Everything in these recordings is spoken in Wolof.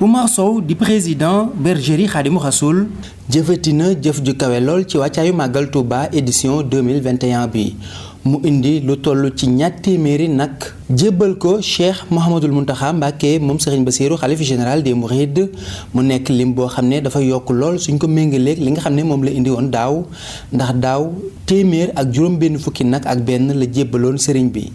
Oumar Sow di président bergerie Khadimou Rassoul jëfati na jëf ju kawe lool ci wàccaayu màggal Touba édition 2021 bi mu indi lu toll ci ñaar téeméeri nag jébbal ko Cheikh Mouhamadul Mountakha Mbacké moom ba Bassirou xalif général des Mourides mu nekk lim boo xam ne dafa yokk lool suñ ko méngaleeg li nga xam ne moom la indi woon daaw ndax daaw téeméer ak juróom fukki nag ak benn la jébbaloon Serigne bi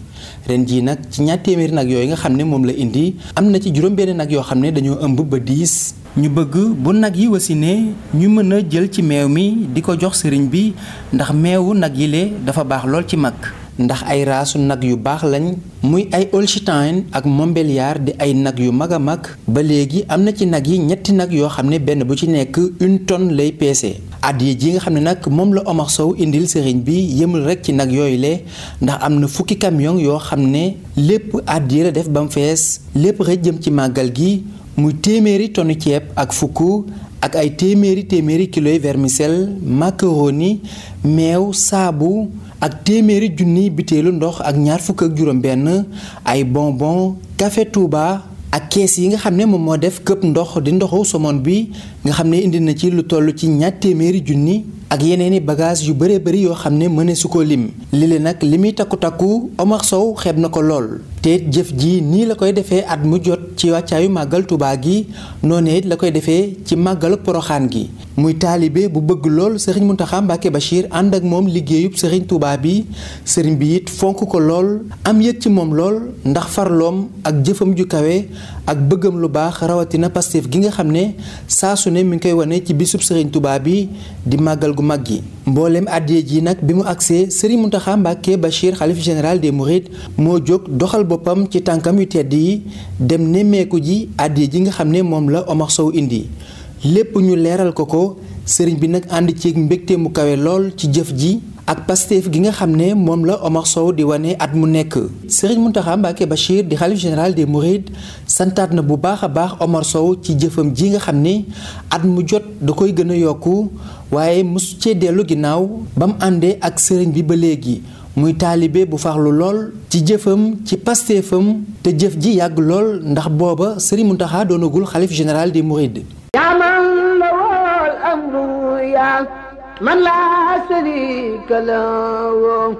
ren jii nag ci ñaar téeméeri nag yooyu nga xam ne moom la indi am na ci juróom-benn nag yoo xam ne dañoo ëmb ba diis. ñu bëgg bu nag yi wasinee ñu mën a jël ci meew mi di ko jox sëriñ bi ndax meewu nag yile dafa baax lool ci mag ndax ay raasu nag yu baax lañ muy ay Holstein ak Montbéliarde di ay nag yu mag a mag ba léegi am na ci nag yi ñetti nag yoo xam ne benn bu ci nekk une tonne lay peese addiya ji nga xam ne nag moom la Omar Sow indil sëriñ bi yëmul rekk ci nag yooyu le ndax am na fukki kamyon yoo xam ne lépp addiya la def bam fees lépp rek jëm ci màggal gi muy téeméeri tonu ceeb ak fukk ak ay téeméeri téeméeri kiloy vermicelle macaroni meew saabu ak téeméeri junni biteelu ndox ak ñaar fukk ak juróom benn ay bonbon café Touba ak kees yi nga xam ne moom moo def këpp ndox di ndoxu somone bi nga xam ne indi na ci lu toll ci ñaar téeméeri junni ak yeneen i bagage yu bëree bëri yoo xam ne mëne su ko lim li nag li muy takku-takku Omar Sow xeeb na ko lool te jëf ji nii la koy defee at mu jot ci wàccaayu màggal Tuubaa gi noonu la koy defee ci màggalu Poroxaan gi muy taalibe bu bëgg lool sëriñ Mountakha Mbacké Bachir ànd ak moom liggéeyub sëriñ Touba bi sëriñ bi it fonk ko lool am yëg ci moom lool ndax farloom ak jëfam ju kawe ak bëggam lu baax rawatina Pastef gi nga xam ne saa su ne mi ngi koy wane ci bisub sëriñ tubaab bi di màggal gu mag yi mbooleem addiya ji nag bi mu agsee sëriñ Mountakha Mbacké Bachir xalif général de Mourides moo jóg doxal boppam ci tànkam yu tedd yi dem nemmeeku ji addiya ji nga xam ne moom la Omar Sow indi. lépp ñu leeral ko ko sëriñ bi nag ànd ceeg mbegteemu kawe lool ci jëf ji ak pasteef gi nga xam ne moom la Omar Sow di wane at mu nekk sëriñ Mountakha Mbacké Bachir di xalif général des Mourides santaat na bu baax a baax Omar Sow ci jëfam ji nga xam ne at mu jot da koy gën a yokku waaye mosu cee dellu ginnaaw ba mu àndee ak sëriñ bi ba léegi muy taalibe bu farlu lool ci jëfam ci pasteefam te jëf ji yàgg lool ndax booba sëriñ Mountakha doonagul xalif général des Mourides yaa man laa sariika lahu